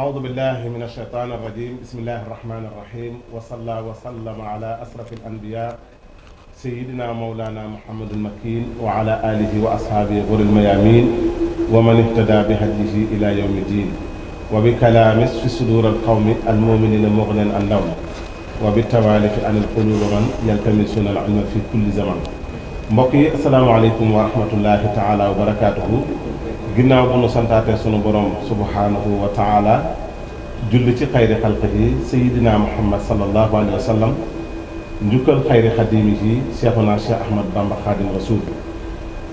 أعوذ بالله من الشيطان الرجيم بسم الله الرحمن الرحيم وصلى وسلم على أسرف الأنبياء سيدنا مولانا محمد المكين وعلى آله وأصحابه غر الميامين ومن اهتدى بهديه إلى يوم الدين وبكلام في صدور القوم المؤمنين مغنى النوم وبالتوالف عن القلوب من يلتمسون العلم في كل زمان بقي السلام عليكم ورحمة الله تعالى وبركاته ginnaaw bu nu santaatee sunu borom subhanahu wa taala julli ci xayri xalqihi sayidina muhammad sallallahu alayhi wa sallam njukkal xayri xadimi yi cheikhuna cheikh ahmad bamba xaadim rasul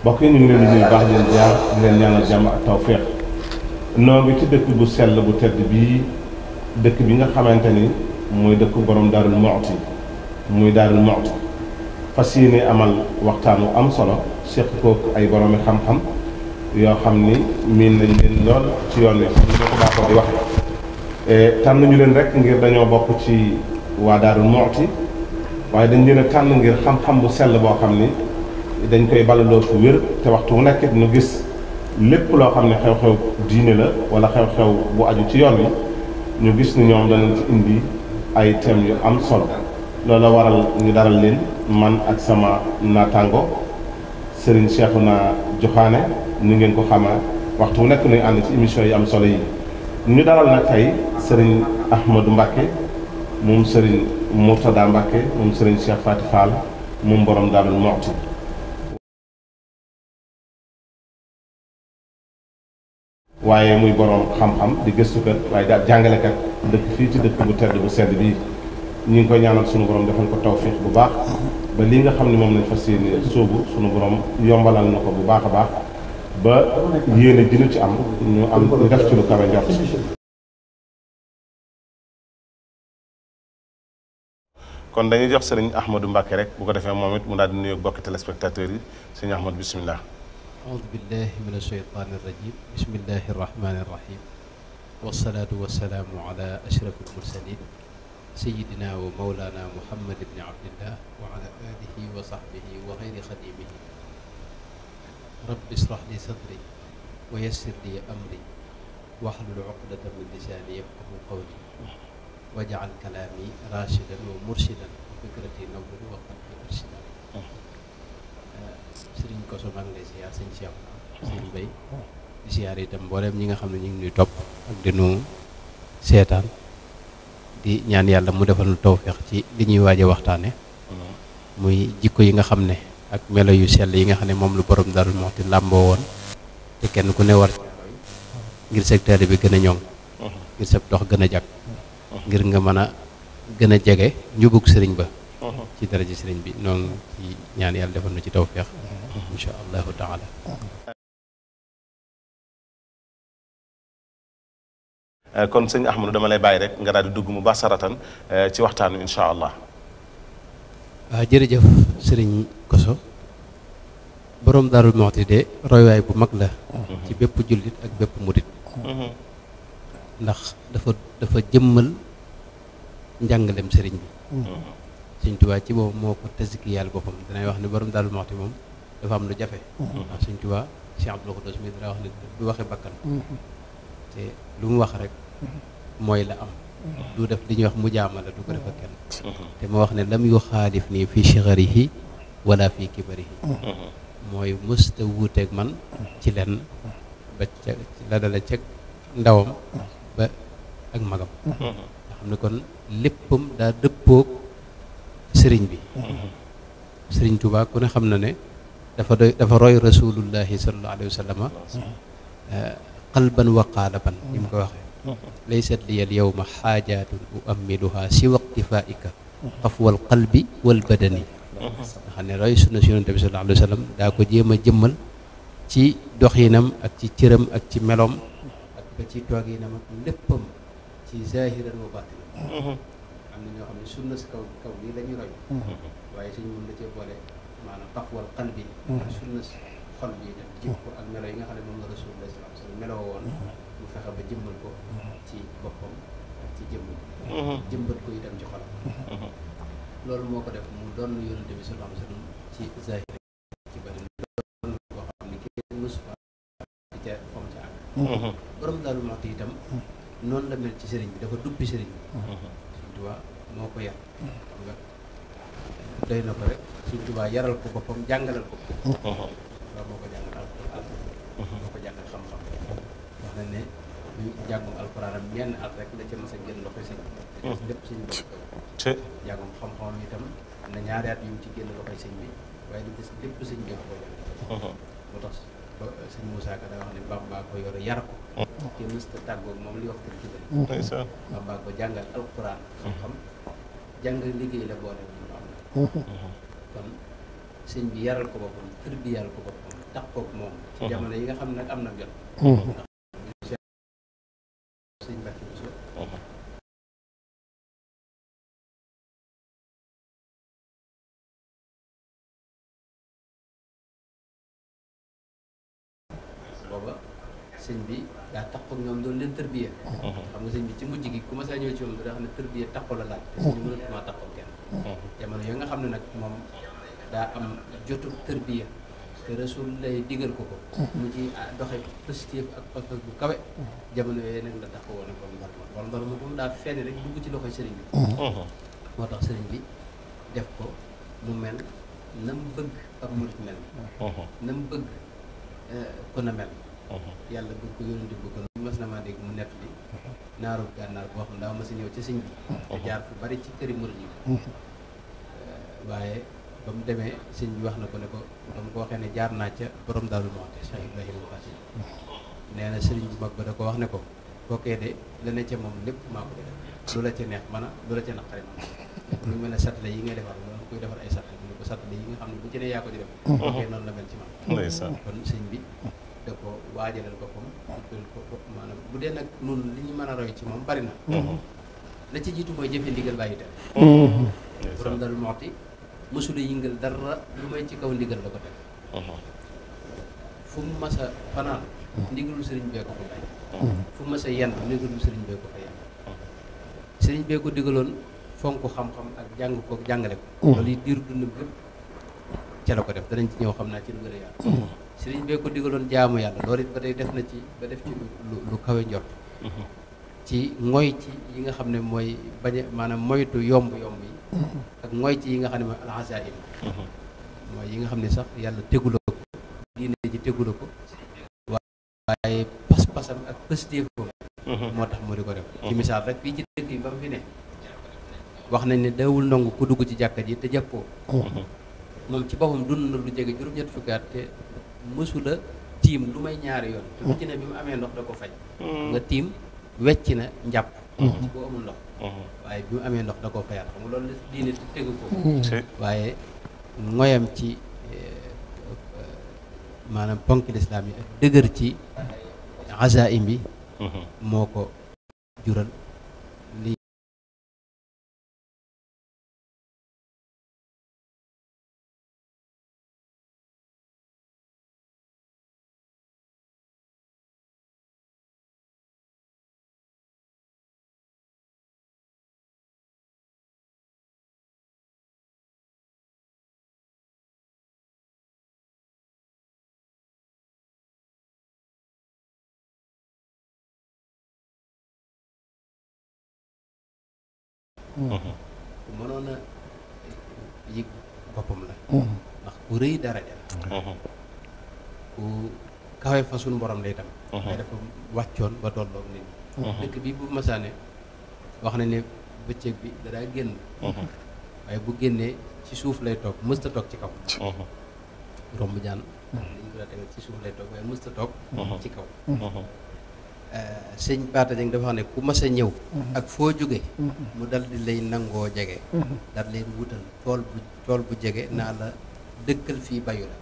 bokk yi leen di nuyu baax leen jaar leen ñaanal jàmm ak tawféex noo ngi ci dëkk bu sell bu tedd bii dëkk bi nga xamante ni mooy dëkk borom daarul moxti muy daarul moxti fas yéene amal waxtaan wu am solo seq kooku ay boromi xam-xam yoo xam ni miin nañ leen lool ci yoon wi xam ni ko baaxoo di waxe e, tànn ñu leen rek ngir dañoo bokk ci waa Daaru Muxti waaye dañ leen a tànn ngir xam-xam bu sell boo xam ni dañ koy balaloo fu wér te waxtu wu nekk nu gis lépp loo xam ne xew-xew diine la wala xew-xew bu aju ci yoon wi ñu gis ni ñoom danañ ci indi ay thèmes yu am solo loola waral ñu dara leen man ak sama naataango. Serigne Cheikhouna Joxaane ñu ngeen ko xama waxtu nekk nuy ànd ci émission yi am solo yi ñu dalal nag tey Serigne Ahmadou Mbacke moom Serigne Mourtada Mbacke moom Serigne Cheikh Faty Fall moom borom Darou Mouhty waaye muy borom xam-xam di gëstukat waaye daal jàngalekat dëkk fii ci dëkk bu tedd bu sedd bii ñu ngi koy ñaanal sunu borom defal ko tawfiix bu baax. ba li nga xamni mom lañ fas sobu sunu borom yombalal nako bu baaxa baax ba yene dina ci am ñu am ñu def ci lu kawe njort kon dañuy jox serigne Ahmadou mbake rek bu ko defé momit mu daal di nuyu bokk téléspectateur yi serigne Ahmad bisimilah aoudu billahi min asheytaani irrajim bismillahi irrahmani irrahim والصلاة والسلام على أشرف المرسلين سيدنا ومولانا محمد بن عبد الله وعلى آله وصحبه وغير خديمه رب اشرح لي صدري ويسر لي أمري واحلل عقدة من لساني يفقه قولي واجعل كلامي راشدا ومرشدا وفكرتي نورا وقلبي أرشدا آه، sëriñ Koso maa لي lay ziar sëñ Cheikh بي Bay di ziar itam mboolem ñi nga xam ne ñu ngi nuy topp ak dinu seetaan di ñaan yàlla mu defal nu tawféex ci li ñuy waaje waxtaane muy jikko yi nga xam ne ak melo yu sell yi nga xam ne moom lu borom Darou Mouhty làmboo woon te kenn ku ne war ngir secteur bi gën a ñoŋ ngir sa dox gën a jag ngir nga mën a gën a jege njubug sëriñ ba ci daraja sëriñ bi noonu ci ñaan yàlla defal na ci tawféex insha allahu taala Euh, kon sëñ Ahmadou dama lay bàyyi rek nga daal dugg mu basaratan euh, ci waxtaan wi incha allah. waaw jërëjëf sëriñ Koso boroom Daaru Muxti de roywaay bu mag la. Mhm. ci bépp jullit ak bépp murit mhm. ndax dafa dafa jëmmal njàngalem sëriñ bi. Mhm. sëñ Tuubaa ci boobu moo ko tëzki yàlla boppam danay wax ni borom Daaru Muxti moom dafa am lu jafe. ndax sëñ Tuubaa Cheikh Abdoul Khoudoss mi dana wax ne du waxe bakkan. te lu mu wax rek mooy la am du def li wax mujaamala du ko def kenn te ma wax ne lam yu xaalif nii fi sigharihi wala fi kibarihi mooy mësta wuuteeg man ci lenn ba ca la dala ceg ndawam ba ak magam nga xam ne kon léppam daa dëppoog sëriñ bi sëriñ Tuubaa ku ne xam na ne dafa doy dafa roy rasulullahi sallallahu alayhi qalban wa qalban. Hmm. nim ko waxe hmm. laysat li al yawma xaajaatun uammiluha siwa iktifaaika qafwal hmm. qalbi wal badani xane roy sunna sunna tabi sallallahu alaihi wasallam sallam ko jema jemal ci doxinam ak ci cëram ak ci melom ak ba ci toginam ak leppam ci zahiran wa batin am na ñoo xamni sunna ci kaw kaw li lañu roy waye suñ mën la ci bolé manam xafwal qalbi sunna si xol bi def jikko ak melay nga xamni mom la rasulullah meloo woon mu fexe ba jëmbal ko ci boppam ak ci jëmm jëmbat ko itam ci xolam loolu moo ko def mu doon yonente bi sallallahu alayhi wasallam ci zahir ci bari doon koo xam ne kenn mësu fa ca fam ca ak borom daalu mat itam la mel ci bi dafa duppi sëriñ bi suñ tubaa moo nga doy na ko rek suñ tubaa yaral ko ko na ne ñu jàngum alxuraanam ñenn at rek ca mos a génn loxo sëñ bi mm-hmm. lépp sëñ bi te jàngum xam-xam itam am yu ci génn loxo sëñ bi waaye di des lépp sëñ bi ko mm-hmm. ba sëñ Moussa Ka daa wax ne Bamba ko mm-hmm. moom li wax tër ci bëri Bamba ko jàngal alxuraan xam-xam jàng la boole moom am bi yaral ko boppam tër bi yaral ko boppam tax koog moom ci jamono yi nga xam nag am na jot leen tërbiya mhm. xam nga sëñ bi ci mujj gi ku ma saa ñëw ci moom daa xam ne tërbiya taxaw la laaj te mhm. ñu mhm. yooyu nga xam ne nag moom daa am jotu tërbiya te rasul lay digal ko ko mu ci ah, doxe positif ak pas-pas bu kawe jamono yooyu nag la taxaw woon ko mbar ma wala mbar ma moom daa feeñ rek dugg ci loxoy sëriñ bi moo tax sëriñ bi def ko mu mel nam bëgg ak murit mel nam bëgg eh, ku na mel yàlla bëgg ko yónente bi bëgg ko na maa dégg mu nekk li naaru gànnaar boo xam daa mas a ñëw ci sëñ bi te jaar fu bari ci këri murid yi waaye ba mu demee sëñ bi wax na ko ne ko ba mu ko waxee ne jaar naa ca borom Daaru Muxti Cheikh Ibrahima Fassi nee na sëriñ bu mag ba ko wax ne ko kookee de la ne ca moom lépp maa ko defal lu la ca neex man a lu la ca naqari man ne satale yi ngay defar loolu kuy defar ay satale mu yi nga xam ne bu ci ne yaa ko di def kookee noonu la mel ci man kon sëñ bi da ko waajalal boppam bu dee nag nun li ñu mën a roy ci moom bari na mm-hmm. la ci jiitu mooy jëfe ndigal bàyyi tere mm-hmm. borom dal moxti mësula yëngal dara lu may ci kaw ndigal la ko def mm-hmm. fu mu mas a fanaan ndigalul sëriñ bee ko fa mas yenn ndigalul sëriñ bee ko fa fonk xam-xam ak jàng kook jàngale ko loolu yi diiru dundam yëpp ca la ko def danañ ci ñëw xam naa ci lu gën a yaatu sëriñ bee ko digaloon jaamu yàlla loolu it ba tey def na ci ba def ci lu lu kawe mm-hmm. ci ngoy ci yi nga xam ne mooy bañ maanaam moytu yomb-yomb yi mm-hmm. ak ngoy ci yi nga xam ne mooy alxasaayim mm-hmm. yi nga xam ne sax yàlla tegula ko diine ji tegula ko waaye pas-pasam ak pëstéefam moo tax mu di ko def ci misaal rek fii ci dëkk yi ba mu fi ne wax nañ ne dawul nangu ku dugg ci jàkka ji te jàppoo moom ci boppam dund na lu jege juróom-ñett fukki te mësula tiim lu may ñaari yoon te wecc na bi mu amee ndox da ko faj mm-hmm. nga tiim wecci na njàpp mm-hmm. boo mm-hmm. waaye bi mu amee ndox da ko fayaat xam nga loolu tegu ko waaye ngoyam ci eh, eh, maanaam ponk lislaam yi ak dëgër ci azaim bi moo ko jural ku mënoon a yëg boppam la mm-hmm. ndax ku rëy daraja la mm-hmm. ku kawe fa suñu borom lay tam mm-hmm. waaye dafa wàccoon ba tolloog nit ñi dëkk bi bu masaane wax na ne bëccëg bi dadaa génn waaye bu génnee ci suuf lay toog mësta toog ci kaw romb jaan dañ ko ci suuf lay toog waaye mësta toog ci kaw Euh, sëñ Baata Dieng dafa xam ne ku mas a ñëw mhm. ak foo jóge mhm. mu dal di lay nangoo jege mhm. dal leen wutal tool bu tool bu jege naa la dëkkal fii bayu la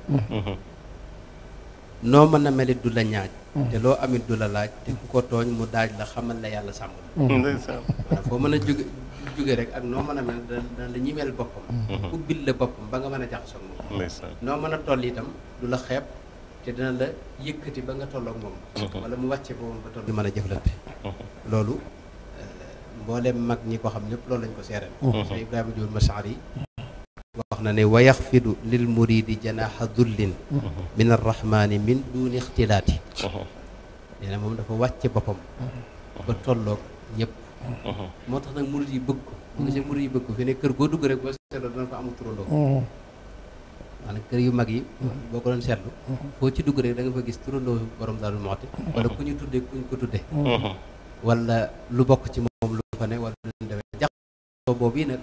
noo mën a melit du la ñaaj te loo amit du la laaj te ku ko tooñ mu daaj la xamal la yàlla sàmm la foo mën a jóge jóge rek ak noo mën a mel dana la ñimeel boppam ubbil la boppam ba nga mën a jaxasoo moom noo mën a toll itam du la xeeb te dina la yëkkati ba nga tolloog moom mm-hmm. wala mu wàcce ba moom ba toll mën a jëflante mm-hmm. loolu euh, mboolem mag ñi ko xam ñëpp loolu lañ ko seeral te mm-hmm. Ibrahima Jóol Masaari yi wax na ne wa yaxfidu lil muridi janaha dullin min arrahmani min duuni ixtilaati nee na moom dafa wàcce boppam ba tolloog ñëpp moo tax nag murid yi bëgg ko mu nga si murid yi bëgg ko fi ne kër goo dugg rek boo seetloo dana fa amul turandoo maanaam kër yu mag yi boo ko doon seetlu foo ci dugg rek da nga fa gis turandoo borom Daaru Muxti wala ku ñu tudde ku ñu ko tudde mhm. wala lu bokk ci moom lu fa ne wala lu demee jaxasoo boobu yi nag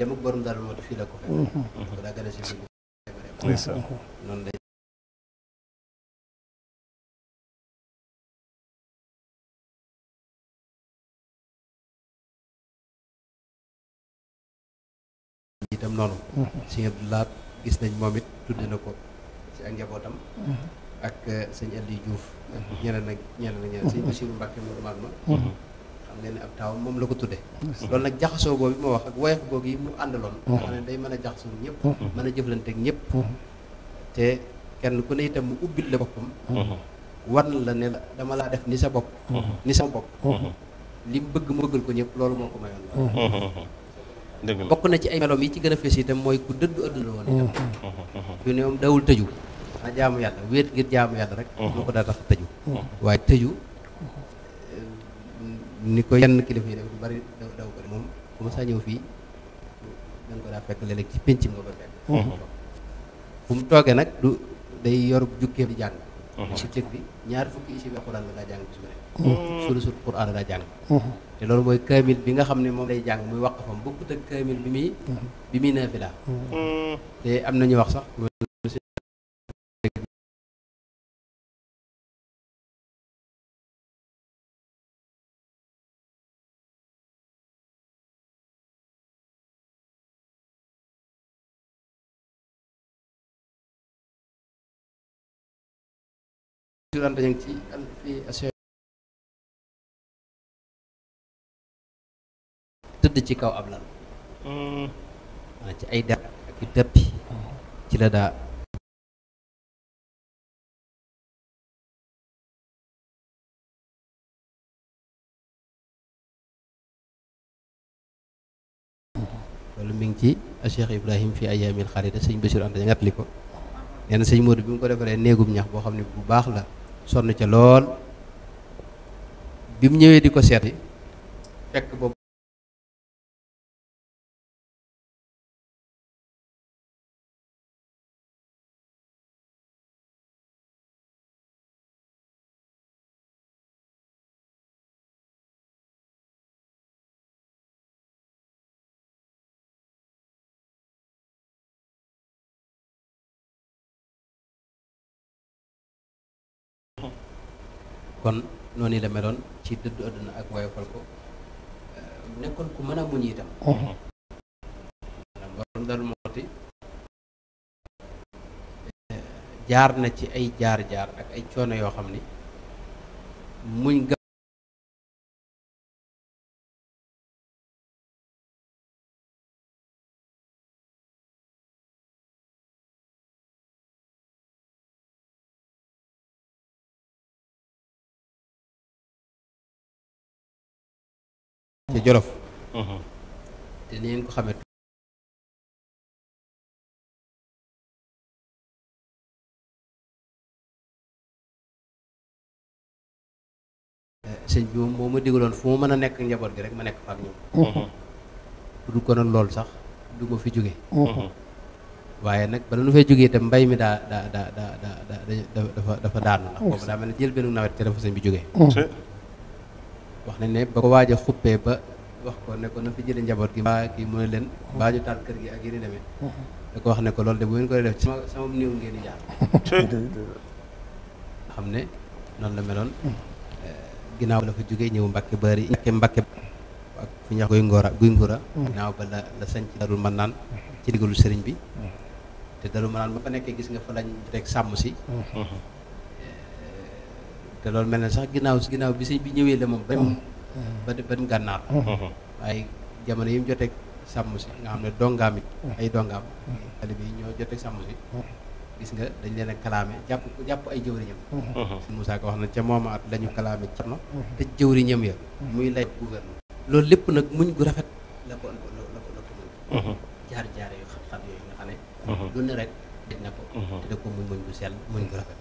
dem ak borom daal moo tax fii la ko fekk daa gën a fi noonu lay itam noonu mm-hmm. sëñ Abdou gis nañ moom tudde na ko ci ak njabootam mm-hmm. ak eh, Diouf mm-hmm. Mbacke ma xam ne moom la ko tudde loolu nag jaxasoo boobu ma wax ak woyof googu yi mu àndaloon nga mm-hmm. xam ne a jaxasoo ñëpp mm-hmm. mën a jëflanteeg ñëpp mm-hmm. te kenn ku ne itam mu ubbil la boppam na la ne dama laa def ni sa bopp ni sama bopp li mu bëgg mu bëggal ko ñëpp loolu moo ko mayoon la bokk na ci ay meloom yi ci gën a fees itam mooy ku dëddu adduna woon itam yu ne moom dawul tëju ana jaamu yàlla wéet ngir jaamu yàlla rek moo ko daa tax tëju waaye tëju ni ko yenn kilifa yi def bu bari daw daw ko moom bu ma saa ñëw fii da ko daa fekk léeg-léeg ci pénc mi nga ko fekk mhm. fu mu toogee nag du day yor jukkee di jàng mhm. ci cëg bi ñaar fukki isi bi alxuraan la daa jàng bis bu nekk sulu sul alxuraan la daa jàng mhm. te loolu mooy kaamil bi nga xam ne moom lay jàng muy waqfam bokkut ak kaamil bi muy bi muy naafila te am na ñu wax sax anda yang ci tëdd itu di cikau ablan. ci ay dar ak dëppi ci la daa Ibrahim fi Ayamil xarida Sehingga Bachir Anta ña ngàttali ko nee na sëñ Modou bi mu ko defaree sonn ca lool bi mu ñëwee di ko seeti fekk boobu kon noonu la meloon ci dëddu àdduna ak woyofal ko euh, nekkoon ku mën a muñ itam. Uh-huh. maanaam borom dal mooti euh, jaar na ci ay jaar-jaar ak ay coono yoo xam ni muñ di Jolof te ni ngeen ko xamee sëñ bi moom moo ma fu mu mën a nekk njaboot gi rek ma nekk fa ak ñoom du ko noonu loolu ma fi jóge waaye nag bala nu fay jógee itam mbay mi daa daa daa dafa dafa daanu ndax boobu daa mel ne jël benn nawet te dafa sëñ bi jógee wax na ne ba ko waaj a xuppee ba wax ko ne ko na fi jële njaboot gi mbaa kii mu ne leen mbaa ñu taal kër gi ak yéen demee da ko wax ne ko loolu de bu ngeen koy def sama néew ngeen di jaar xam ne noonu la meloon eh, ginnaaw la fa jógee ñëw Mbàkke ba Mbàkke Mbàkke ak fu ñuy wax guy ngóora guy ngóora ginnaaw ba la la ci darul mën ci digalu sëriñ bi mm-hmm. te darul mën naan ba fa nekkee gis nga fa lañ rek sàmm si mm-hmm. te loolu mel na sax ginnaaw ginnaaw bi sëñ bi ñëwee la moom. Mm. ba mu ba mu gànnaar. waaye mm. jamono yi mu joteeg sàmm si nga xam ne dongaam yi. Mm. ay dongaam. taalibe yi ñoo joteeg sàmm si. gis nga dañ leen a kalaame jàpp jàpp ay jëwriñam wax na ca mooma at la ñu kalaame cerno te jëwriñam ya muy lay gouvernement loolu lépp nag muñ gu rafet la ko la ko la ko muñ mm-hmm. jaar jaare yu xam-xam yooyu nga xam ne mm-hmm. lu ne rek daj na ko mm-hmm. te da ko muñ muñ gu sell muñ gu rafet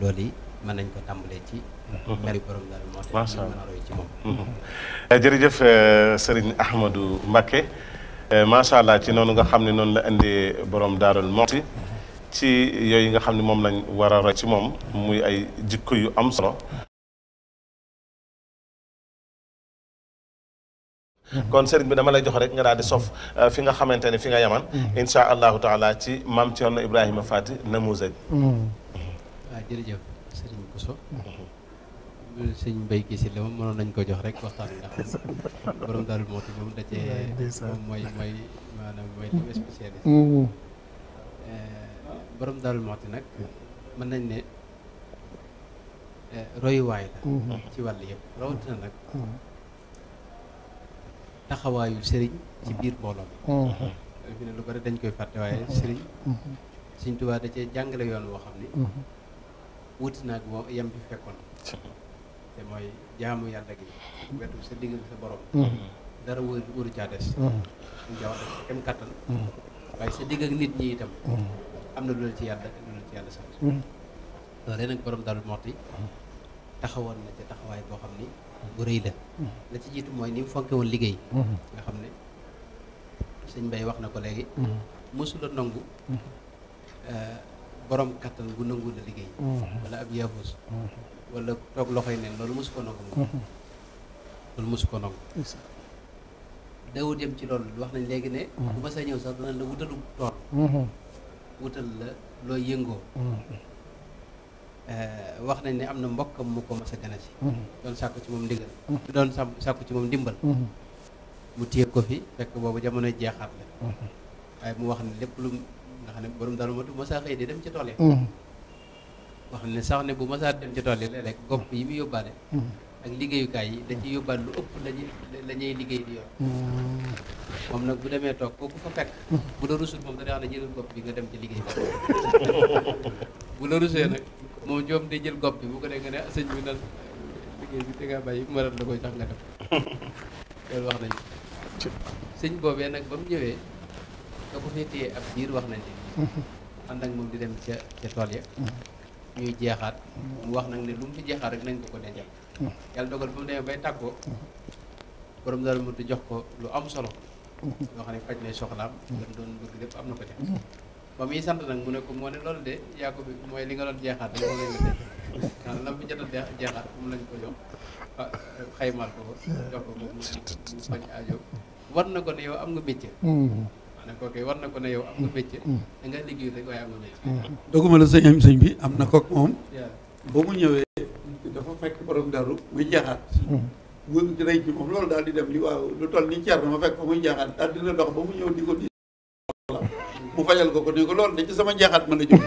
loolu yi mën nañ ko tàmbalee ci. melu mhm. borom daal moo tax sëriñ mhm. eh, eh, Ahmadou Mbacké eh, macha allah ci noonu nga xam ne noonu la indi borom Daarul Muxti ci yooyu nga xam ni moom lañ war a roy ci moom muy ay jikko yu am solo. Mhm. kon sëriñ bi dama lay jox rek nga daal di sof fi nga xamante ne fi nga yaman incha allahu taala ci maam Thierno Ibrahima Fati Namouze. Ah, jërëjëf. Bousso sëñ Mbaye gi si la moom mënoon nañ ko jox rek waxtaan ndax borom daal moo ti dajee moom mooy mooy maanaam mooy li mm-hmm. spécialiste mm-hmm. Eh, borom daal moo nag mm-hmm. mën nañ ne eh, royuwaay la ci wàll yëpp rawatina nag taxawaayu sëriñ ci biir mbooloo mi lu bari dañ koy fàtte waaye sëriñ Sëriñ Tuubaa da jàngale yoon woo xam ni wuti naag moo yem bi fekkoon te mooy jaamu yàlla gi wetu sa digg sa borom dara wër wëru caa des suñu jaw a sa kem kàttan waaye sa digg ak nit ñi itam am na loolu ci yàlla loolu ci yàlla sax loolee nag borom Daaru Muxti taxawoon na ca taxawaay boo xam ni bu rëy la la ci jiitu mooy ni mu fonke woon liggéey nga xam ne sëñ Mbay wax na ko léegi mm-hmm. mosula nongu mm-hmm. euh, borom kattan gu nangu la liggéey. Mm-hmm. wala ab yaafus. Mm-hmm. wala toog loxoy neen loolu mosu ko nangu moom. Mm-hmm. loolu mosu ko nangu. daw dem ci loolu wax nañ léegi ne. bu ma sa ñëw sax dana la wutalu tool. wutal la looy yëngoo. Eh, wax nañ ne am na mbokkam mu ko mas a gane si. doon sàkku ci moom ndigal. doon sàkku ci moom ndimbal. mu téye ko fi fekk boobu jamono jeexaat la. waaye mu wax ne lépp lu nga xam ne borom daal motu mosaa xëy di dem ci tool yi mm. wax ne sax ne bu masaa dem ci tool yi léeg-léeg gopp yi muy yóbbaale mm. ak liggéeyukaay yi da ciy yóbbaale lu ëpp lañuy la ñuy liggéey bi yor mm. moom nag bu demee toog kooku fa fekk bu la rusul moom da wax ne jëlal gopp bi nga dem ci liggéey bi bu la rusee nag moom joom day jël gopp bi bu ko dee nga ne ah sëñ bi nag liggéey bi te nga bàyyi mu la koy tax nga dem loolu wax nañu sëñ boobee nag ba mu ñëwee ba bu fekkee ab diir wax nañ ci ànd ak moom di dem ca ca tool ya ñuy jeexaat mu wax nag ne lu mu ci jeexaat rek nañ ko ko dencal yàlla dogal ba mu demee bay tàggoo borom dara mu jox ko lu am solo loo xam ne faj na soxlaam lam doon bëgg lépp am na ko ca ba muy sant nag mu ne ko moo ne loolu de yaa ko fi mooy li nga doon jeexaat rek moom lañ ko dencal lam bi jot a jeexaat moom lañ ko jox xaymaal ko jox ko moom mu faj aajo war na ko ne yow am nga métier ne kooku war na ko ne yow am nga métier. Mm. da nga liggéey rek waaye amoon na mm. doguma la sëñ am sëñ bi am na kook moom. ba mu ñëwee dafa fekk borom daru muy jaxaat. mu mm. ngi rëy ci moom loolu daal di dem li waaw lu toll ni ceer na ma fekk ko muy jaxaat daal dina dox ba mu ñëw di ko di mu fajal ko ko ne ko loolu da ci sama jaxaat ma a jóg.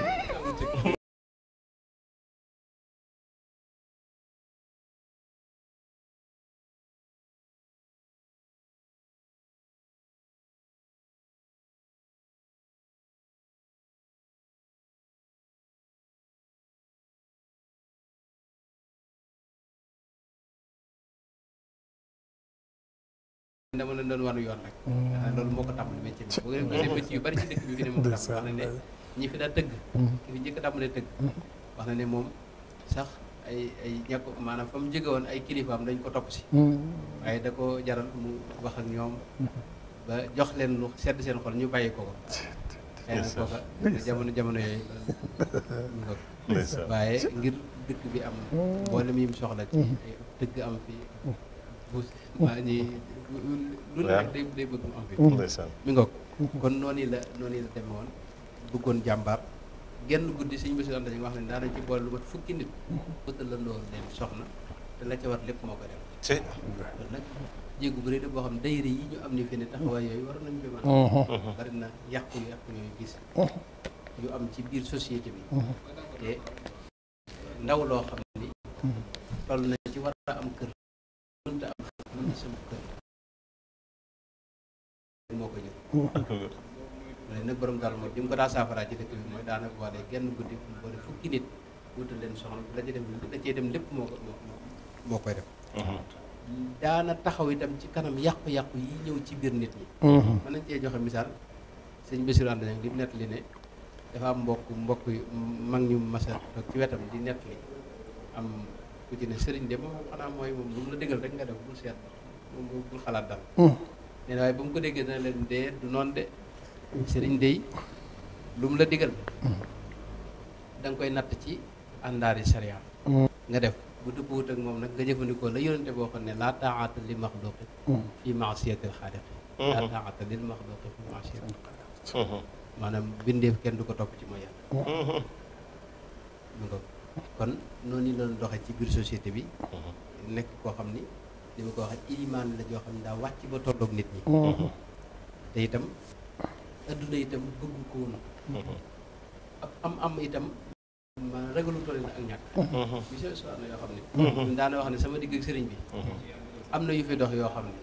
dama leen doon wanu yoon rek. Mm. loolu moo ko tàmbali métier bi. bu mm. njëkk a tàmbalee tëgg. Mm. wax na ne moom sax ay ay ñàkk maanaam fa mu woon ay kilifaam dañ ko topp si. waaye da ko jaral mu wax ñoom. ba jox leen lu sedd seen xol ñu bàyyi ko ko. jamono jamono yooyu waaye ngir dëkk bi am mboolem yi mu soxla ci dëkk am fi buus maa ñi lu nekk day day am fi mm. mi ngoog kon noonu la noonu la demee woon bëggoon jàmbaar genn guddi suñu bési anta ñi wax ne daanañ ci boole lu mat fukki nit la ca war lépp moo ko def loolu nag jéegu bu boo xam dayre yi ñu am ni fi ne taxawaay yooyu war nañ ko mën mm-hmm. Mm-hmm. bari na gis mm-hmm. yu am ci biir société bi te ndaw loo xam ni toll na ci war a am kër moo ko ñëw ne nag borom daal mooy li mu ko daa saafara ci dëkk bi mooy daanaka boole genn guddi boole fukki nit wutal leen soxna bu la ci dem la cee dem lépp moo ko moo koy def daana taxaw itam ci kanam yàqu-yàqu yi ñëw ci biir nit ñi mën nañ cee joxe misaal sëñ Bassirou ànd nag li mu nettali ne dafa am mbokk mbokk mag ñu masa toog ci wetam di nettali am ku ci ne sëriñ de moom xanaa mooy moom lu mu la dëggal rek nga def bul seet moom bul xalaat daal nee na waaye ba mu ko déggee dana leen dee du noonu de sëriñ dey lu mu la digal da nga koy natt ci àndaari sharia nga def bu dëppwut ak moom nag nga jëfandikoo la yonente boo xam ne laa taaata li maxluqi fi maasiyatil xaaliqi mm-hmm. laa taaata lil maxluqi fi maasiyatil mm-hmm. maanaam bindeef kenn du ko topp ci mooy yàlla mm-hmm. kon noonu ñu doon ci biir société bi nekk koo xam ni li ma ko waxee ilimaan la joo xam ne daa wàcc ba tolloog nit ñi mm-hmm. te itam adduna itam bëgg ko woon mm-hmm. ab am am itam ma ragalu toll na ak ñàkk mm-hmm. monsieur Sow na yoo xam ne ñun daana wax ne sama digg ak sëriñ bi am na yu fi dox yoo xam ne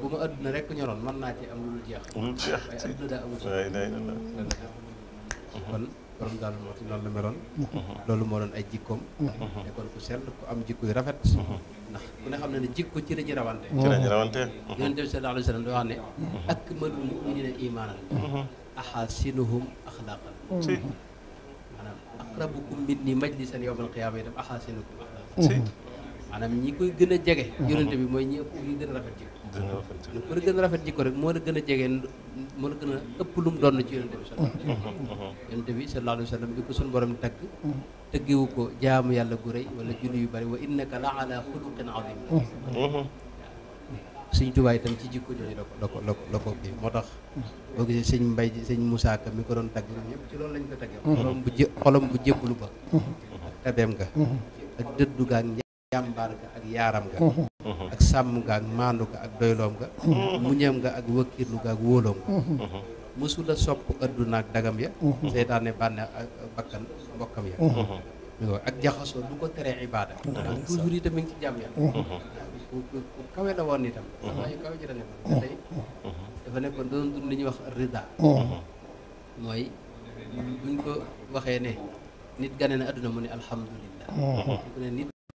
bu ma adduna rek ñoroon mën naa ci am lu jeex kon loolu moo doon ay jikkoom te kon ku sell ku am jikko yu rafet ndax ku ne xam ne ne jikko ci la ñu rawante ci la ñu rawante yonent bi sallallahu alayhi wa sallam da wax ne mm-hmm. akmalul mu'minina imaanan mm-hmm. ahasinuhum axlaaqan mm-hmm. maanaam aqrabukum minni majlisan yawmal qiyaama itam ahasinukum axlaaqan maanaam ñi koy gën a jege yonent bi mooy ñi ëpp ñi a rafet jikko ku la gën a rafet jikko rek moo la gën a jege moo la gën a ëpp lu mu ci yonente bi sallallahu alayhi wasallam mm-hmm. mm-hmm. mm-hmm. ko suñu borom tagg ko jaamu yàlla julli yu bari wa innaka la ala xuluqin azim suñ tubaay itam ci jikko jooju la ko la ko la ko la ko kii moo tax boo gisee sëñ mbay sëñ Moussa Ka mi ko doon tagg ñëpp ci loolu lañ ko tagge xolom bu jë xolom bu ba tabeem nga ak dëddu gaa jàmbaar ga ak yaaram ga ak sàmm ga ak maandu ga ak doyloom ga muñam ga ak wëkkirlu ga ak wóoloom ga mësula sopp adduna ak dagam ya seytaane bànne ak bakkan mbokkam ya ak jaxasoo du ko teree ibaada ndax toujours itam mi ngi ci jàmm ya ku kawe la woon itam dafa yu kawe ci la nekkoon tey dafa nekkoon doon dund ko waxee ne nit gane na adduna mu ne alhamdulillah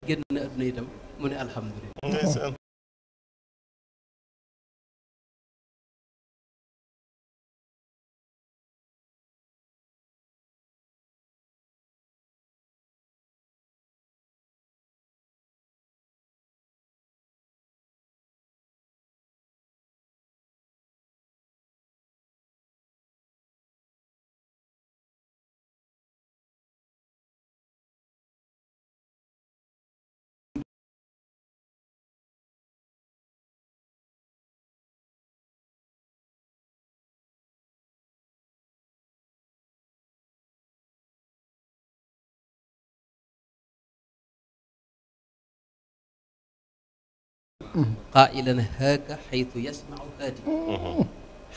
جن ابن من الحمد لله قائلا هاك حيث يسمع هادي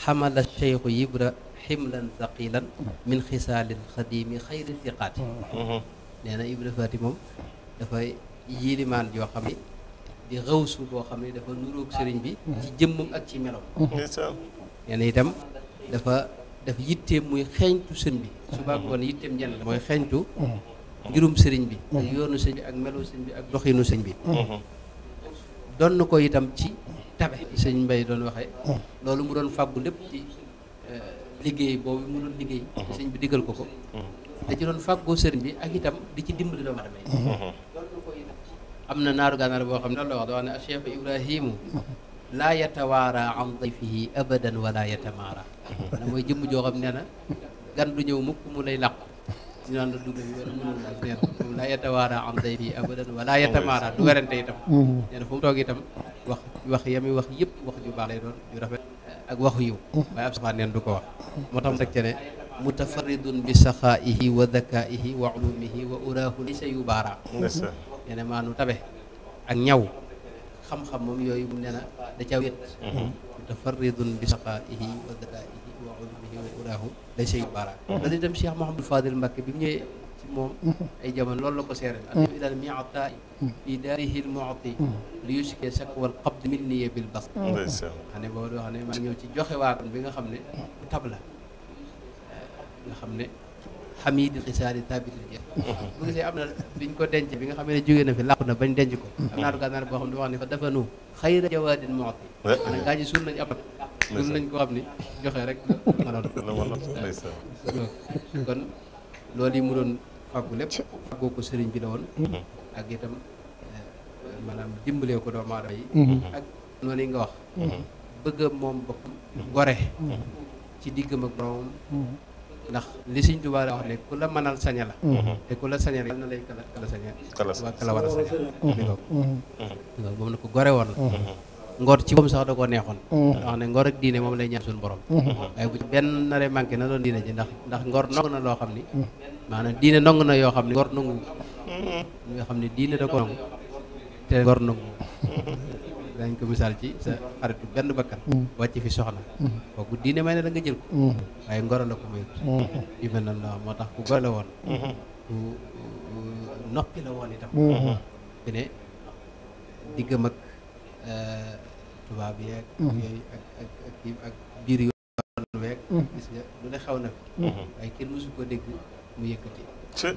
حمل الشيخ يبرا حملا ثقيلا من خصال الخديم خير الثقات nee na Ibra Faty moom dafay yilimaan joo xam ne di xawsu boo xam ne dafa nuróog sëriñ bi ci jëmmam ak ci meloom nee na itam dafa daf yitteem muy xeeñtu sëñ bi suba ak ngoon yitteem njënd la mooy xeeñtu njurum sëriñ bi ak yoonu sëñ bi ak melo sëñ bi ak doxinu sëñ bi doon na ko itam ci tabe sëñ Mbay doon waxee mm. loolu mu doon fàggu lépp ci euh, liggéey boobu mu doon liggéey mm-hmm. sëñ bi diggal ko ko mm-hmm. da ci doon fàggoo sëriñ bi ak itam di ci dimbali doomu aadama yi mm-hmm. na naaru gànnaar boo xam ne loolu la ne Cheikh Ibrahimu laa yatawaara an dayfihi abadan wala yatamaara mooy jëmm joo xam gan du ñëw mukk mu lay làqu naan la dugg fi wala mënul nag nee na moom laa yatawaara an day bi abadan wala yatamaara du werante itam mhm. nee na fu mu toog itam wax wax yami wax yëpp wax ju baax lay doon ju rafet ak waxu yiw mhm. waaye ab safaan neen du ko wax moo tax teg ce ne mutafaridun bi saxaa'ihi wa dakaa'ihi wa wa uraahu laysa yubaara nee mhm. na maanu tabe ak ñaw xam-xam moom yooyu mu nee da ca wét mutafaridun bi saxaa'ihi wa dakaa'ihi wa ulmihi wa uraahu la sey bara dana dem Cheikh Mouhamadou Fadil Mbacké bi mu ñëwee ci moom ay jamono loolu la ko seeral adib ilal miatai fi daarihi lmoti li yuske sakwal qabd min niye bil bas xam ne boobu doo xam ne bi nga xam ne tabla nga xam ne xamidil xisaali tabitil jë bu gisee am na biñ ko denc bi nga xam ne jógee na fi làqu na bañ denc ko am naatu gànnaar boo xam ne wax ne fa dafa nu xayra jawaadin moti ana gaa ji suul nañ abat mën nañ ko xam ni joxe rek mënoon kon loolu mu doon fàggu lépp fàggoo ko sëriñ bi la woon mhm. ak itam eh, maanaam dimbalee ko doomu aadama yi mhm. ak noonu nga wax mhm. bëgg moom boppam gore ci diggam ak boromam ndax li la wax ne ku la la te ku la na lay kala waa kala war a na ko gore woon la ngor ci moom sax da koo neexoon mm-hmm. wax ne ngor ak diine moom lay ñaan suñu borom mm-hmm. waaye bu ci benn nare manqué na doon diine ji ndax ndax ngor nong na loo xam ni mm-hmm. maanaam diine nong na yoo xam ne ngor nangu da ko nangu te ngor nangu dañ ko misaal ci sa xaritu benn bakkan wàcc fi soxna kooku diine may na da nga jël ko waaye ngor la ko may moo tax ku gore la woon ku noppi la woon itam fi ne diggam ak eh, tubaab yeeg mm-hmm. ak biir yoon weeg mm-hmm. gis nga lu ne xaw na fi mm-hmm. waaye kenn mosu ko dégg mu yëkkati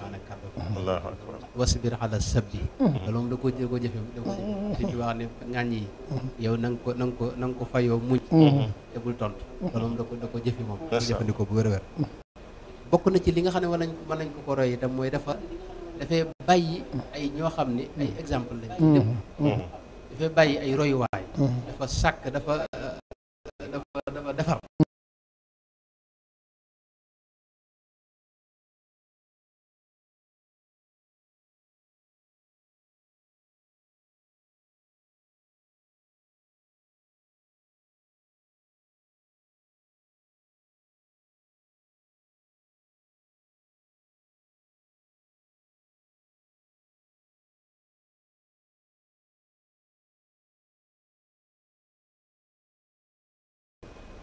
maanaam kàddu wasbir ala loolu moom da ko da da ko jëfe ci wax ne ŋàññ yi yow ko na ko na ko fayoo muñ te bul tontu moom da ko ko jëfe moom ko jëfandikoo bu wér wér bokk na ci li nga xam ne war nañ mën ko ko roy itam mooy dafa dafay bàyyi ay ñoo xam ne ay exemple lañ dafay bàyyi ay royuwaay mm-hmm. dafa sàkk dafa euh, dafa dafa defar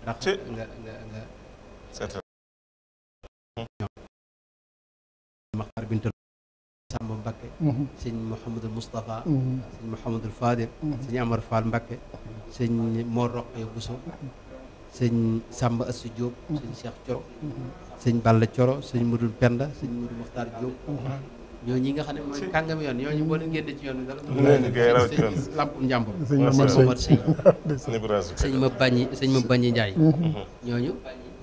ndax nga nga nga Maxtaar Bintal Samba Mbakke sëñ Mouhamadul Moustapha mm-hmm. sëñ Mouhamadul Fadil mm-hmm. sëñ Amar Fall Mbakke sëñ Mor Roqe Bousso mm-hmm. sëñ Samba Assu Diop sëñ Cheikh Coro sëñ Balla Coro sëñ Modou Penda sëñ Modou Maxtaar Diop ñoo ñi nga xam ne mooy kàngam yoon ñooñu boo leen génne ci yoon bi dara du leen ngay raw ci yoon lampu njàmbur sëñ ma sëñ sëñ ma bañi sëñ ma bañi njaay ñooñu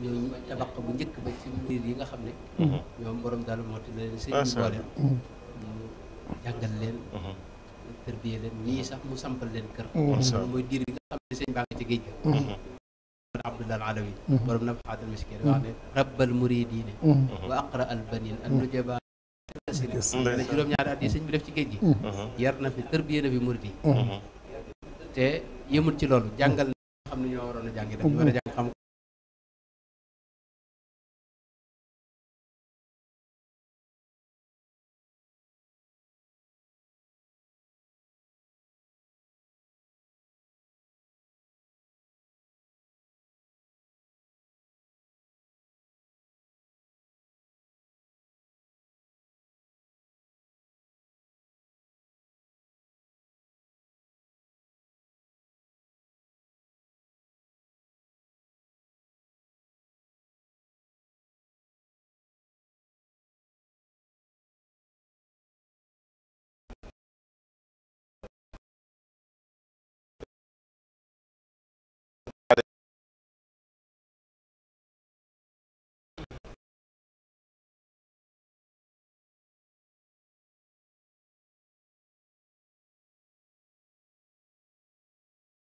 ñooñu tabax bu njëkk ba ci mbir yi nga xam ne ñoom borom daal moo ti leen sëñ bi boole jàngal leen tërbiyee leen ñii sax mu sampal leen kër loolu mooy diir nga xam ne sëñ baa nga ci géej ga عبد الله العلوي وربنا بحاد المسكين رب المريدين واقرا البنين النجبان na juróom-ñaari at yi sëñ bi def ci géej gi mm-hmm. yar na fi tërbiyee na fi murit mm-hmm. te yëmut ci loolu jàngal na xam ne ñoo waroon a jàngi mm-hmm. def ñu war a jàng xam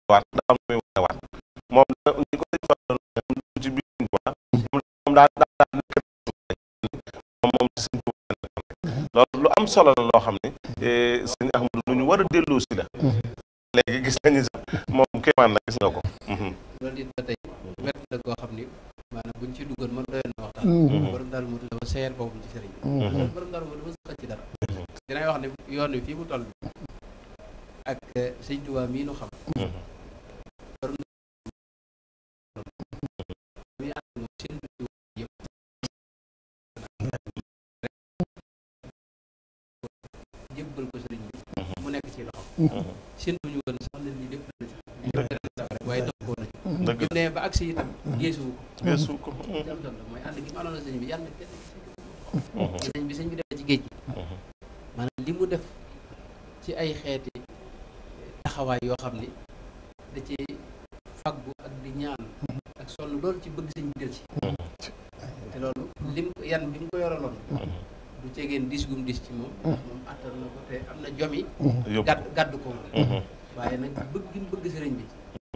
waat daa am muy wane waat moom da ni ko sëñ Tuubaa doon waxee moom ci biir sëñ Tuubaa moom daa daa daa nekk moom moom sëñ Tuubaa loolu lu am solo la loo xam ne sëñ Ahmadu lu ñu war a delloo si la léegi gis nañu sax moom kéemaan la gis nga ko loolu it ba tey wet la goo xam ni maanaam buñ ci duggoon man doyoon na waxtaan borom daal mu dafa seeyal boobu ci sëriñ borom daal mu dafa sëxat ci dara dinay wax ne yoon wi fii mu toll ak sëñ Tuubaa mii nu xam jébbal ko sëriñ bi mhm. mu nekk ci loxo mhm. séntuñu woon sax na lii lépp dana ci waaye mhm. topp na ci ñu ne ba agsi itam geesuwu ko geesuwu ko mooy ànd gi bi yàlla sëriñ bi sëriñ bi demee ci géej gi li mu def ci ay xeeti taxawaay yoo xam ne da ci faggu ak di ñaan ak sonn loolu ci bëgg sëriñ bi del ci te loolu lim yan bi mu ko yoraloon du tegeen dis gum dis ci moom. ndax mm. moom attan na ko te am na jomi. Mm. gàdd gàddu ko moom. Mm-hmm. waaye nag bëgg gi bëgg sëriñ bi.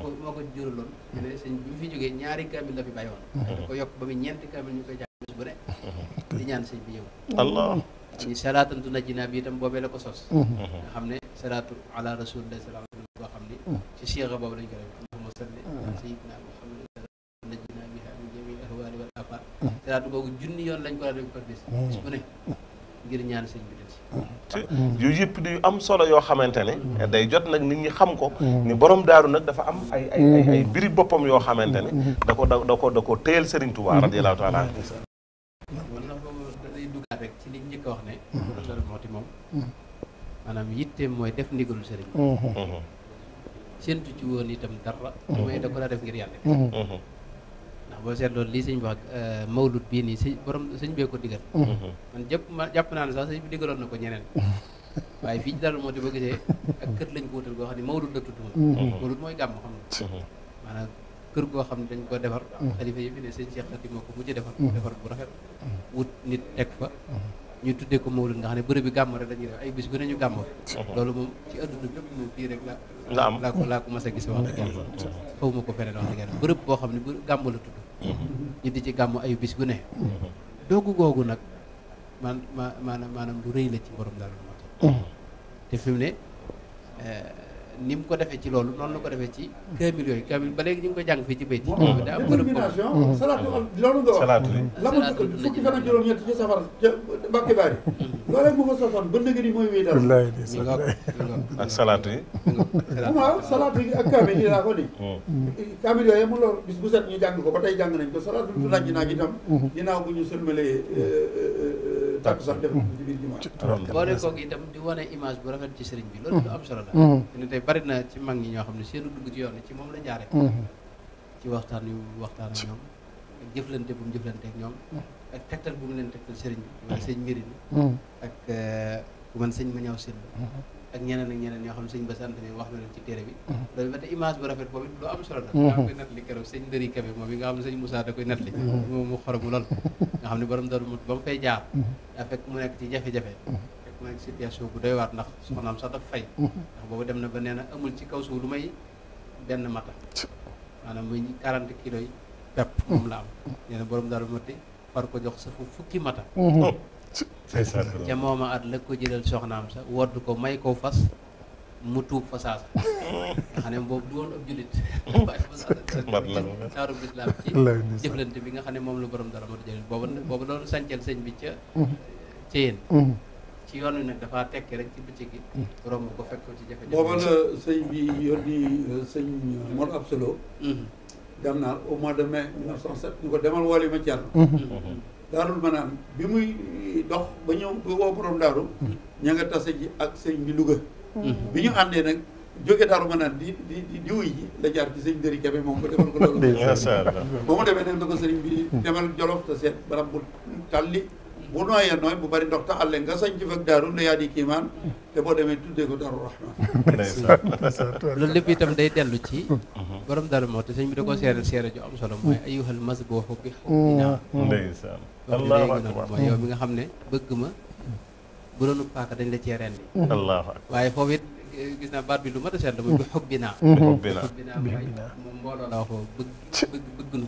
moo ko juraloon mm. bi mu fi jógee ñaari kaamil la fi bàyyi woon. Mm-hmm. da ko yokk ba muy ñeenti kaamil ñu koy jàng bu ne. Mm-hmm. di ñaan sëñ bi ñëw. allah ñu salaatantu na jinaa la ko sos. nga xam ne salaatu salaatu googu junni yoon lañ ko daan def par bis bis bu ne ngir ñaan sëñ bi ci hmm. yooyu yëpp di am solo yoo xamante ne hmm. day jot nag nit ñi xam ko hmm. ni borom daaru nag dafa am ay ay ay biri boppam yoo xamante ne da ko da ko da ko téyal Sëriñ Tuubaa radiyallaahu taala an man na boobu day duggaat rek ci li njëkk a wax ne docteur Moti moom maanaam yitteem mooy def ndigalu sëriñ séentu ci woon itam dara mooy da ko daa def ngir yàlla boo seetloo lii sëñ bi wax euh, mawlud bii nii sëñ borom sëñ bee ko digal mm-hmm. man jëpp ma jàpp naa ne sax sëñ bi digaloon na ko ñeneen mm-hmm. waaye fii ci daal moo di boo gisee ak kër lañ ko wutal goo xam ne mawlud la tudd moom mm-hmm. mawlud mooy gàmm xam nga maanaam kër goo xam ne dañ ko defar xalifa yi fi ne sëñ Cheikh Xadim moo ko mujj defar defar bu rafet wut nit teg fa ñu tuddee ko mawlud nga xam ne bërëb bi gàmm rek dañuy def bis bu ñu gàmm mhm. loolu moom ci adduna bépp moom fii rek la laa ko laa ko mas a gis wax dëgg mhm. mhm. ma ko feneen wax dëgg yàlla bërëb boo xam ne bu gàmm la tudd ñu di ci gàmm ay bis bu ne doogu googu nag maan ma maanaam maanaam lu rëy la ci borom daal te fi ne eh, ni mu ko defee ci loolu noonu la ko defee ci kaamil yooyu kaamil ba ñu ngi ko jàng fii ci béyti da am ko mm-hmm. salaatu am loolu nga wax salaatu la ci safar Mbàkke Baari mm-hmm. loolee bu ko sosoon ba nëgë ni mooy wéy dal ak salaatu yi waaw salaatu yi ak kaamil yi laa ko ni mm-hmm. kaamil yooyu mu loolu bis bu set ñu jàng ko ba tey jàng nañ ko salaatu du ràññi naa itam ginnaaw bu ñu sëlmalee euh, euh, euh, takkusaan def nañ mm-hmm. ko ci biir jumaa. boole koog itam di wane image bu rafet ci sëriñ bi. loolu lu am solo la. ne mm-hmm. tey bari ci mag ñi ñoo xam ne seenu dugg ci yoon ci moom la jaare mm-hmm. ci waxtaan yu waxtaan ak ñoom ak jëflante bu mu jëflante ñoom. ak tegtal bu mu leen tegtal sëriñ bi. ma euh, sëñ mbiri ak ku man sëñ ma ñaw seen ak ñeneen ak ñeneen ñoo xam sëñ ba sant ni wax na leen ci téere bi loolu mm-hmm. ba tey image bu rafet boobu lu am solo la mm-hmm. ne sëñ Moussa da koy nettali mm-hmm. mu xoromu lool nga xam ne mu ba mu fay nekk ci jafe-jafe fekk mu nekk situation bu doy waat ndax soxnaam sax dafa fay ndax boobu dem na ba nee na amul ci kaw suuf lu may benn mata maanaam muy 40 kilos yi pepp moom la am nee na borom daru matti war ko jox sa fukki mata oh. ca mooma at la ko jëlal soxnaam sa wodd ko may ko fas mu tuub fa saasa nga xam ne boobu du woon ab jullit waaye fa bi nga xam ne moom la borom dara matu jëlil boobu boobu loolu sancel sëñ bi ca mhm. ca mhm. ci yoon wi nag dafaa tekki rek ci bëccëg gi mhm. romb ko fekk ko ci jafe-jafe booba la sëñ bi yónni euh, sëñ Mor Absalo dem naa au mois de mai 1907 ñu ko demal wali ma Thierno daarul manaan bi muy dox ba ñëw ba woo borom daaru hmm. ña nga tase ji ak sëñ bi Louga hmm. bi ñu àndee nag jóge daaru manaan di di di wuy ji la jaar ci sëñ Dëri Kebe moom ko defal ko loolu ba mu demee nag la ko sëriñ bi demal Jolof te seet barab bu tàlli bu nooyee nooy bu bari ndox te àlle nga sañ ci fag daaru la yaa di kiimaan te boo demee tuddee ko daaru rahmaan loolu lépp itam day dellu ci mhm. borom daaru moo te sëñ bi da koo seere seere ju am solo mooy ayyuhal masbuhu bi xubinaa mm. ndeysaan allahu akbar bi yow mi nga xam ne bëgg ma bu doonu paaka dañ la cee rendi mm. allahu akbar waaye foofu it eh, gis naa baat bi lu mat a seetlu mooy bi xubbinaa mm. bi xubbinaa moom mbooloo la wax bëgg bëgg bëgg nu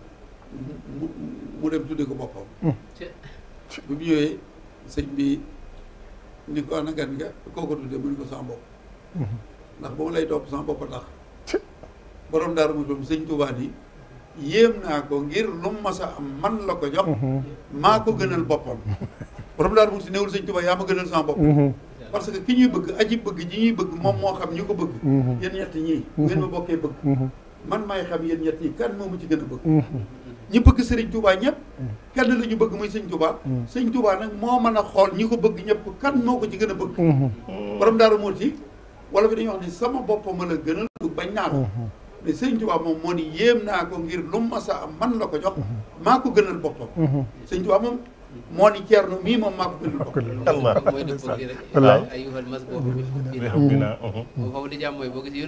mu mu dem tudde ko boppam. Mm. bu ñu ñëwee sëñ bi ni ko ana ga nga koo ko tudde mu ni ko sama bopp. Mm-hmm. ndax ba mu lay topp sama bopp ndax borom daaru moom sëñ Tuubaa ni yéem naa ko ngir lu mu masa am man la ko jox. Mm-hmm. maa ko gënal boppam. Mm-hmm. borom daaru si newul sëñ Tuubaa yaa ma gënal sama bopp. parce que ki ñuy bëgg aji bëgg ñu ñuy bëgg moom moo xam ñu ko bëgg. yéen ñett ñii. ngeen ma bokkee bëgg. man maay xam yéen ñett ñi kan moomu ci gën a bëgg. ñi bëgg sëriñ Touba ñëpp mm. kenn la ñu bëgg muy sëñ Touba mm. sëñ Touba nag moo mën a xool ñi ko bëgg ñëpp kan moo ko ci gën a bëgg mm-hmm. borom Daaru Muxti wala fi dañuy wax ni sama bopp ma la gënal du bañ naa ko mm-hmm. mais sëñ Touba moom moo ni yéem naa ko ngir lu ma sa am man la ko jox mm-hmm. maa ko gënal boppam sëñ Touba moom moo ni Ceerno mii moom maa ko gënal boppam allah mooy dëppoo lii rek ayyuhal masbuuq min hubbina boo foofu di jàmm mooy boo gisee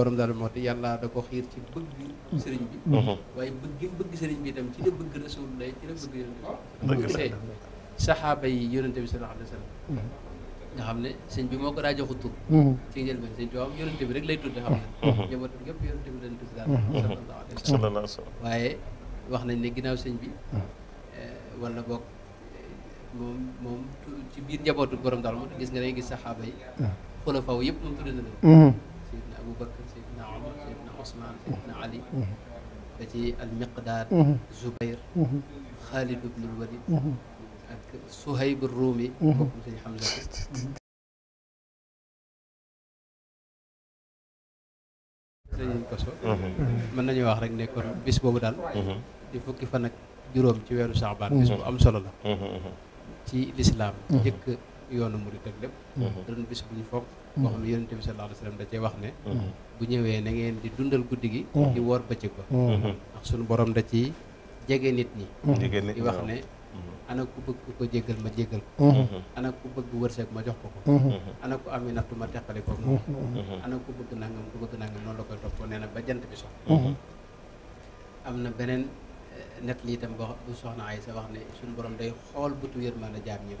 borom daal moo di yàlla da ko xiir ci bëgg sëriñ bi waaye bëgg bëgg sëriñ bi itam ci la bëgg rasulullah ci la bëgg yonente bi gisee saxaaba yi yonente bi sallallahu alayhi wa sallam nga xam ne sëñ bi moo ko daa joxu tur ci njëlbeen sëñ bi am yonente bi rek lay tudde xam ne njabootu yëpp yonente bi lañ tudd daal wax nañ ne ginnaaw sëñ bi eh, wala boog eh, moom moom ci biir njabootu borom daal moo gis nga ne gis saxaaba yi xulafaaw yëpp moom tudd na leen بن علي بدي المقدار زبير خالد بن الوليد صهيب الرومي من يوحى لك نيكون بس بودال يفكي فنك جروم تيويرو شعبان بس ام الاسلام boo xam ne bi sallallahu da cee wax ne mm-hmm. bu ñëwee na ngeen di dundal guddi gi mm-hmm. di woor bëccëg ba mm-hmm. ndax suñu borom da ci jege nit ñi di wax ne ana ku bëgg ko jéggal ma jéggal ko ana ku bëgg wërsëg ma jox ko ko ana ku am i nattu ma teqali ko moom ana ku bëgg nangam ku noonu la koy toppoo nee ba jant bi sox am na beneen eh, net lii tam bu soxna ay sa wax ne suñu borom day xool bëtu yërmande jaam ñëpp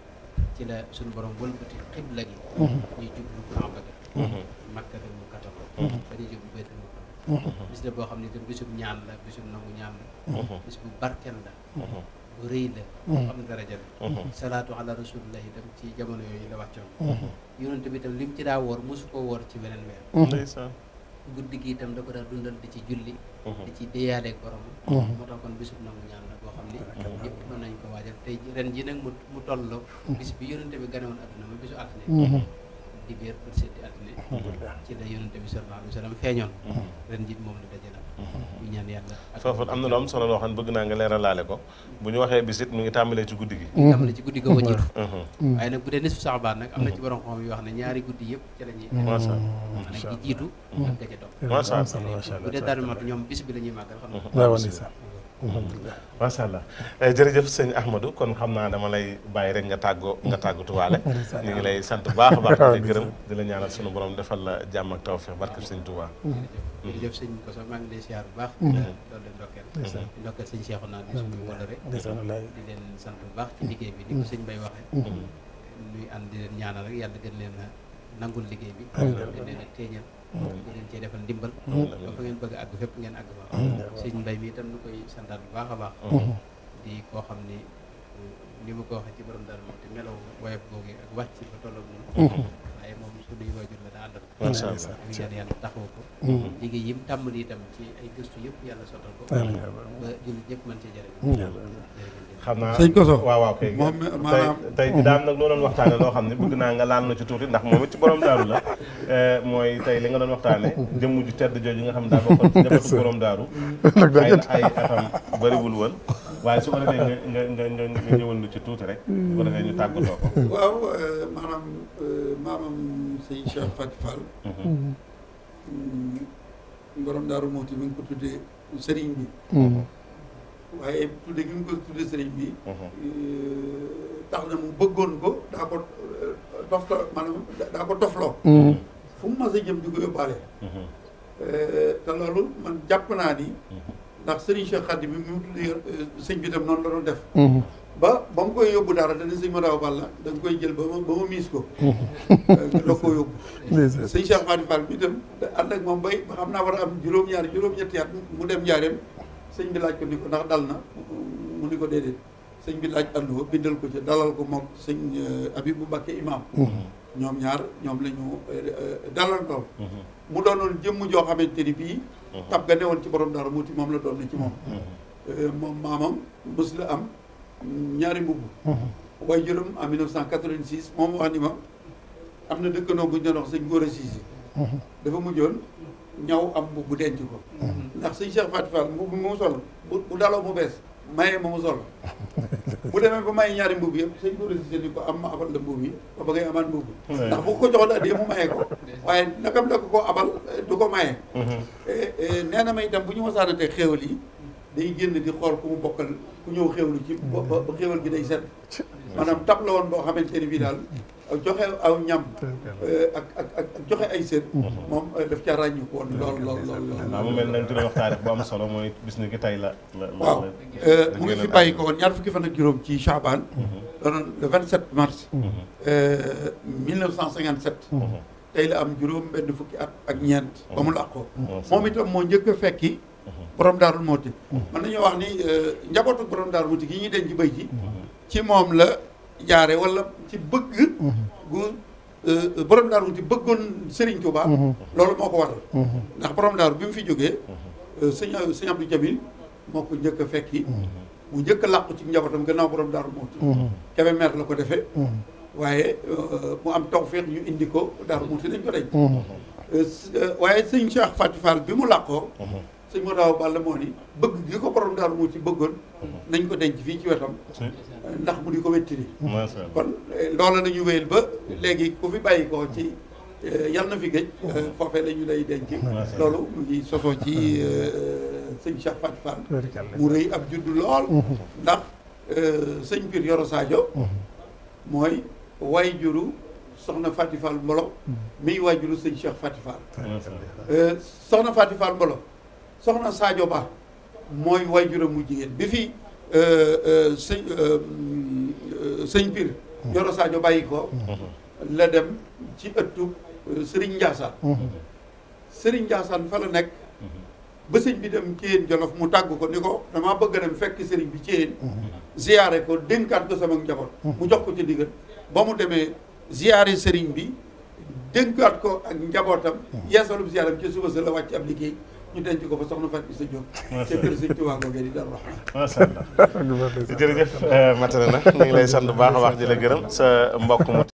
ci la suñu borom wëlbati xibla gi mhm. ñu jublu Kaaba ga Makkatal Mukarrama ba ñu jublu Baytul Mukarrama mhm. bis la boo xam ne itam bisub ñaan la bisub nangu ñaan la mhm. bis bu barkeel la bu rëy la am daraja la salaatu ala rasulillah itam ci jamono yooyu la wàccoon yonent bi itam lim ci daa woor mosu koo woor ci beneen weer guddi gi itam da ko dundal di ci julli mhm. di ci déeyaalee borom mhm. moo tax kon bisub nangu ñaan la boo xam ni ñëpp mën nañ ko waajal tey ren ji nag mu mu tolloo mhm. bis bi yonente bi ganewoon adduna ma bisu altine di biir pour seeti altine ci la yonente bi sallallahu alayhi wa sallam feeñoon ren ji moom la dajale ñaan yàlla foofu am na lu am solo loo xam bëgg naa nga leeralaale ko bu ñu waxee bis mu ngi tàmbalee ci guddi gi mm-hmm. tàmbalee ci guddi ga ko jiitu mm-hmm. mm-hmm. waaye nag bu dee nisfu saxbaan nag am na ci borom xam yu wax ne ñaari guddi yëpp ci la ñuy macha allah nag ki jiitu ak ka ca topp macha allah alhamdulilah macha allah eh, jërëjëf sëñ Ahmadou kon xam naa dama lay bàyyi rek nga tàggoo nga tàggatuwaale ñu ngi lay sant baax a baax di gërëm di la ñaanal sunu borom defal la jàmm ak tawfeex barkeb sëñ Touba jërëjëf sëñ ko sax maa ngi lay siyaar bu baax doolu mm-hmm. leen ndokkeel di ndokkeel sëñ Cheikh naa di suñu sant bu baax ci liggéey bi ni ko sëñ Bay waxee ñuy mm-hmm. ànd di leen ñaanal rek yàlla gën leen a nangul liggéey bi gën leen a bu ngeen cee defal ndimbal ba mm-hmm. fa ngeen bëgg àgg fépp ngeen àgg fa mm-hmm. sëñ mbay mi tam nu koy santaat bu baax a baax mm-hmm. di koo xam ni ni mu ko waxee ci borom daal moo te melaw woyof googu ak wàcc ba tolloog moom mhm. waaye moom suñuy waajur la daa àndal macha allah ñu ñaan yàlla taxaw ko mhm. liggéey yi mu tàmbali itam ci ay gëstu xam naa sëñ Koso waaw waaw kay maanaam tey mhm. daam nag loo doon waxtaane loo xam ne bëgg naa nga laal na ci tuuti ndax moom it ci borom daaru la eh, mooy tey li nga doon waxtaane jëmm ju tedd jooju nga xam ne daa bokkoon ci njabootu borom daaru ay atam bëriwul woon waaye su ko defee nga nga nga nga ñëwal nu ci tuuti rek. Hmm. su ko defee ñu tàggatoo ko. waaw euh, maanaam euh, maamam sëñ Cheikh Fatou Fall. Hmm. Hmm. borom daaru Mouti mi ngi ko tuddee sëriñ bi. waaye tudde gi mu ko tudde sëriñ bi. Euh, tax na mu bëggoon ko daa ko tofto maanaam daa ko tofloo. fu mu mas a jëm di ko yóbbaale. te loolu man jàpp naa ni. ndax Serigne Cheikh Khady bi mu eh, sëñ bi tam noonu la doon def. Mhm. ba ba mu koy yóbbu dara dana sëñ ma daaw balla da nga koy jël ba ma ba ma miis ko. Mhm. doo ko yóbbu. sëñ Cheikh Khady Fall bi itam ak moom bay xam naa war a am juróom ñaar juróom-ñetti at mu dem njaareem sëñ bi laaj ko ni ko ndax dal na mu ni ko déedéet sëñ bi laaj àlluwa bindal ko ci dalal ko moom sëñ eh, Abibu Mbàkke imaam. Mhm. ñoom ñaar ñoom lañu ñu euh, euh, dalandoo mm-hmm. mu doonoon jëmm joo xamante ni bii mm-hmm. tab ga newoon ci borom dara muuti moom la doon na ci moom mm-hmm. euh, moom maamam mës la am ñaari mbubb waaye juróom en 1986 moom wax ni ma am na dëkkandoo bu ñu doon wax sëñ Gora Cissé dafa mujjoon ñaw am mbubb denc ko ndax sëñ Cheikh Fatou Fall mbubb mu sol bu daloo mu bees maye moomu sol bu demee ba maye ñaari mbubb yëpp sëñ ko résisté ni ko am abal la mbubb yi ba ba ngay amaat mbubb ndax bu ko joxoon addee mu maye ko waaye nagam la ko ko abal du ko maye mm-hmm. eh, eh, nee na may itam bu ñu wasaanante xéewal yi day génn di xool ku mu bokkal ku ñëw xéwlu ci ba xéwal gi day set maanaam tab la woon boo xamante ni bii daal joxe aw ñam euh, ak ak ak joxe ay sët moom euh, daf ca ràññu ko woon lool lool lool lool mu mel nañ solo mooy bis ni la waaw euh, mu ngi fi bàyyi ko woon juróom ci Chaban mhm. doon le 27 mars 1957 mhm. mhm. tey la am juróom benn fukki at ñeent ba mu làqoo moom itam moo njëkk a fekki borom daarul mooti mhm. na nañoo wax ni euh, njabootu borom daarul mooti gi ñuy denc bëy ji ci moom la jaare walla ci bëgg gu euh, borom daaru mooti bëggoon Serigne Touba mhm. loolu moo ko waral mhm. ndax borom daaru bi fi jógee euh, sëñ sëñ Abdou Jamil moo ko njëkk a fekki mu njëkk a làqu ci njabootam gannaaw boroom daaru mooti kebe meer la ko defee waaye mu am tawfeex ñu indi ko daaru mooti dañ ko denc waaye sëñ Cheikh Fatou Fall bi mu làqoo sëñ moo daaw Balla moo ni bëgg gi ko borom daal moo ci bëggoon nañ ko denc fii ci wetam ndax mu di ko wettini kon eh, loola nañu wéyal ba léegi ku fi bàyyi ko ci eh, yal na fi gëj eh, foofee la ñu lay denc loolu mu ngi sosoo ci sëñ Cheikh Fatou Fall mu rëy ab juddu lool ndax sëñ Pir Yoro Sadio mooy way soxna Fatou Fall Mbolo mm-hmm. miy way sëñ Cheikh Fatou Fall soxna Fatou Fall Mbolo soxna Sadio Ba mooy waajuram mu jigéen bi fi euh, euh, sëñ euh, sëñ Pire. Mm. Nioro Sadio bàyyi ko. Mm. la dem ci ëttu Serigne Ndiassane. Mm. Serigne Ndiassane fa la nekk. Mm-hmm. ba sëñ bi dem Thièyeen Jolof mu tàgg ko ni ko damaa bëgg dem fekk sëriñ bi Thièyeen. Mm-hmm. ziyaare ko dénkaat ko sama njaboot. Mm-hmm. mu jox ko ci diggal ba mu demee ziyaare sëriñ bi dénkaat ko ak njabootam. yeesalub ziyaaram ci suba sa la wàcc ab liggéey. ñu denc ko fa soxna Fatou Issa Diop. macha allah ca kër sëñ Tuubaa googee di Daaru Rahmaan. macha allah jërëjëf eh, matale na ñu ngi lay sant bu baax a baax di la gërëm sa mbokk mu.